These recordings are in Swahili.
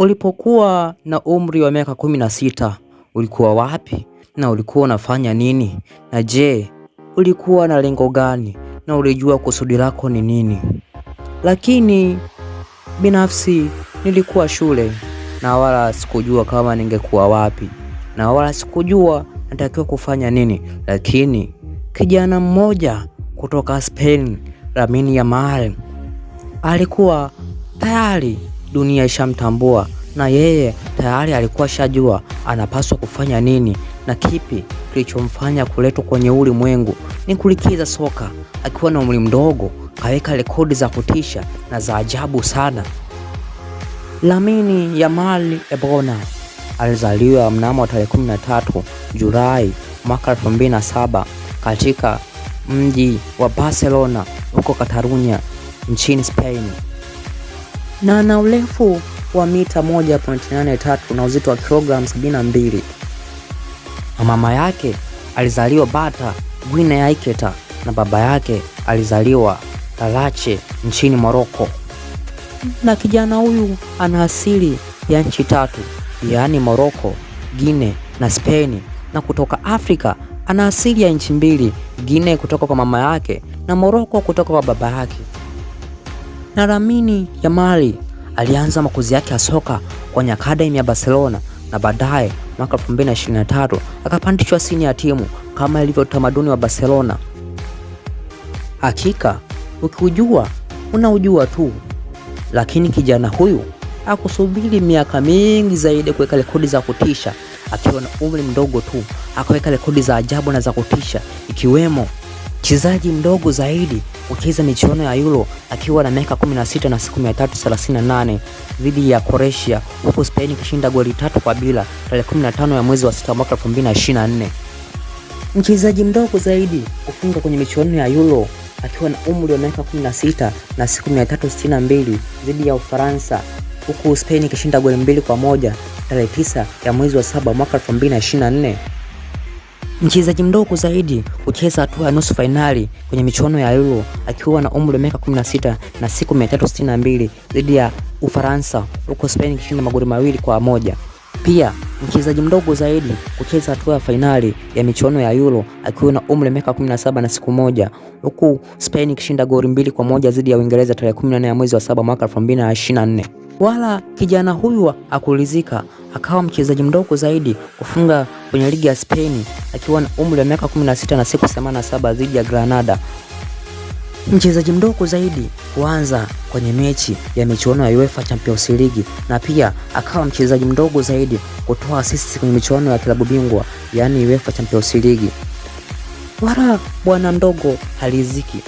Ulipokuwa na umri wa miaka kumi na sita ulikuwa wapi na ulikuwa unafanya nini? Na je, ulikuwa na lengo gani na ulijua kusudi lako ni nini? Lakini binafsi nilikuwa shule na wala sikujua kama ningekuwa wapi na wala sikujua natakiwa kufanya nini, lakini kijana mmoja kutoka Spain, Lamine Yamal alikuwa tayari dunia ishamtambua na yeye tayari alikuwa shajua anapaswa kufanya nini na kipi kilichomfanya kuletwa kwenye ulimwengu ni kulikiza soka. Akiwa na umri mdogo kaweka rekodi za kutisha na za ajabu sana. Lamine Yamal Ebona alizaliwa mnamo tarehe 13 Julai mwaka 2007 katika mji wa Barcelona huko Katarunya nchini Spain na ana urefu wa mita 1.83 na uzito wa kilogramu 72. Mama yake alizaliwa Bata, Guinea ya Iketa na baba yake alizaliwa Karachi nchini Morocco. Na kijana huyu ana asili ya nchi tatu, yaani Morocco, Gine na Spain, na kutoka Afrika ana asili ya nchi mbili, Gine kutoka kwa mama yake na Morocco kutoka kwa baba yake na Lamine Yamal. Alianza makuzi yake ya soka kwenye akademi ya Barcelona na baadaye mwaka 2023 akapandishwa sini ya timu kama ilivyo utamaduni wa Barcelona. Hakika ukiujua unaujua tu, lakini kijana huyu akusubiri miaka mingi zaidi kuweka rekodi za kutisha. Akiwa na umri mdogo tu akaweka rekodi za ajabu na za kutisha ikiwemo mchezaji mdogo zaidi kucheza michuano ya Euro akiwa na miaka 16 na siku 338 dhidi ya Croatia, huku Spain kishinda goli tatu kwa bila tarehe 15 ya mwezi wa 6 mwaka 2024. Mchezaji mdogo zaidi kufunga kwenye michuano ya Euro akiwa na umri wa miaka 16 na siku 362 dhidi ya Ufaransa, huku Spain ikishinda goli mbili kwa moja tarehe 9 ya mwezi wa 7 mwaka 2024. Mchezaji mdogo zaidi kucheza hatua ya nusu fainali kwenye michuano ya Euro akiwa na umri wa miaka 16 na siku 362 dhidi ya Ufaransa huko Spain kishinda magoli mawili kwa moja. Pia mchezaji mdogo zaidi kucheza hatua ya fainali ya michuano ya Euro akiwa na umri wa miaka 17 na siku moja, huku Spain ikishinda goli mbili kwa moja dhidi ya Uingereza tarehe 14 ya mwezi wa saba mwaka 2024. Wala kijana huyu akulizika akawa mchezaji mdogo zaidi kufunga kwenye ligi ya Spain akiwa na umri wa miaka 16 na siku 87 dhidi ya Granada Mchezaji mdogo zaidi kuanza kwenye mechi ya michuano ya UEFA Champions League na pia akawa mchezaji mdogo zaidi kutoa assist kwenye michuano ya klabu bingwa yaani UEFA Champions League. Wala bwana ndogo haliziki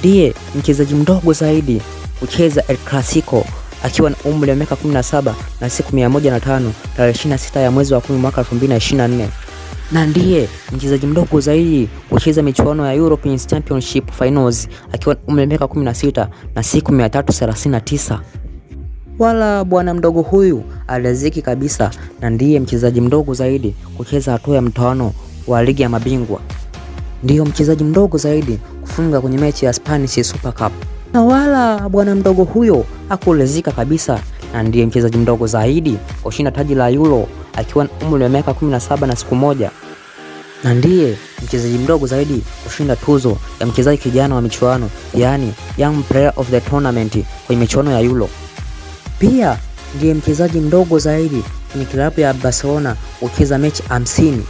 ndiye mchezaji mdogo zaidi kucheza El Clasico akiwa na umri wa miaka 17 na siku 105 tarehe 26 ya mwezi wa 10 mwaka 2024 na ndiye mchezaji mdogo zaidi kucheza michuano ya European Championship Finals akiwa umri wa miaka 16 na siku 339. Wala bwana mdogo huyu aliziki kabisa na ndiye mchezaji mdogo zaidi kucheza hatua ya mtoano wa ligi ya mabingwa. Ndiyo mchezaji mdogo zaidi kufunga kwenye mechi ya Spanish Super Cup. Na wala bwana mdogo huyo hakulezika kabisa na ndiye mchezaji mdogo zaidi kushinda taji la Euro akiwa na umri wa miaka 17 na siku moja na ndiye mchezaji mdogo zaidi kushinda tuzo ya mchezaji kijana wa michuano yaani Young Player of the Tournament kwenye michuano ya Euro. Pia ndiye mchezaji mdogo zaidi kwenye kilabu ya Barcelona kucheza mechi hamsini.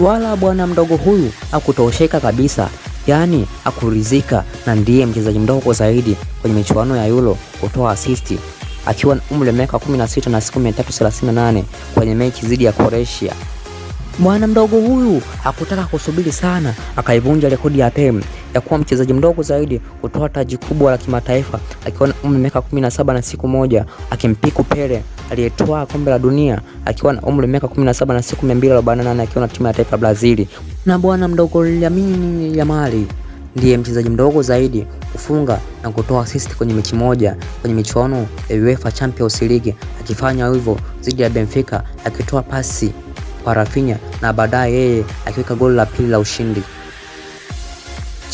Wala bwana mdogo huyu hakutosheka kabisa, yaani hakuridhika, na ndiye mchezaji mdogo zaidi kwenye michuano ya Euro kutoa asisti akiwa na umri wa miaka 16 na siku 338 kwenye mechi dhidi ya Croatia. Mwana mdogo huyu hakutaka kusubiri sana, akaivunja rekodi ya Pem ya kuwa mchezaji mdogo zaidi kutoa taji kubwa la kimataifa akiwa na umri wa miaka 17 na siku moja, akimpiku Pele aliyetoa kombe la dunia akiwa na umri wa miaka 17 na siku 248 akiwa na timu ya taifa Brazili na bwana mdogo Lamine Yamal ndiye mchezaji mdogo zaidi kufunga na kutoa assist kwenye mechi moja kwenye michuano ya UEFA Champions League, akifanya hivyo dhidi ya Benfica akitoa pasi kwa Rafinha na baadaye yeye akiweka goli la pili la ushindi.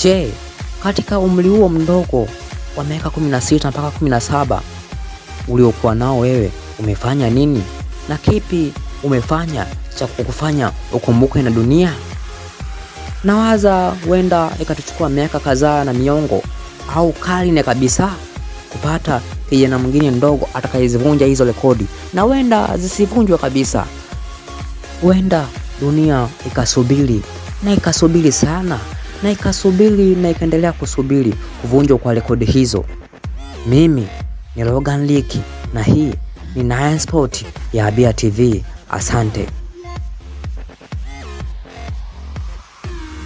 Je, katika umri huo mdogo wa miaka 16 mpaka 17 uliokuwa nao wewe umefanya nini na kipi umefanya cha kukufanya ukumbukwe na dunia? Nawaza huenda ikatuchukua miaka kadhaa na miongo au karne kabisa kupata kijana mwingine ndogo atakayezivunja hizo rekodi, na huenda zisivunjwe kabisa. Huenda dunia ikasubiri na ikasubiri sana na ikasubiri na ikaendelea kusubiri kuvunjwa kwa rekodi hizo. Mimi ni Logan Liki na hii ni Nine Sport ya Abia TV. Asante.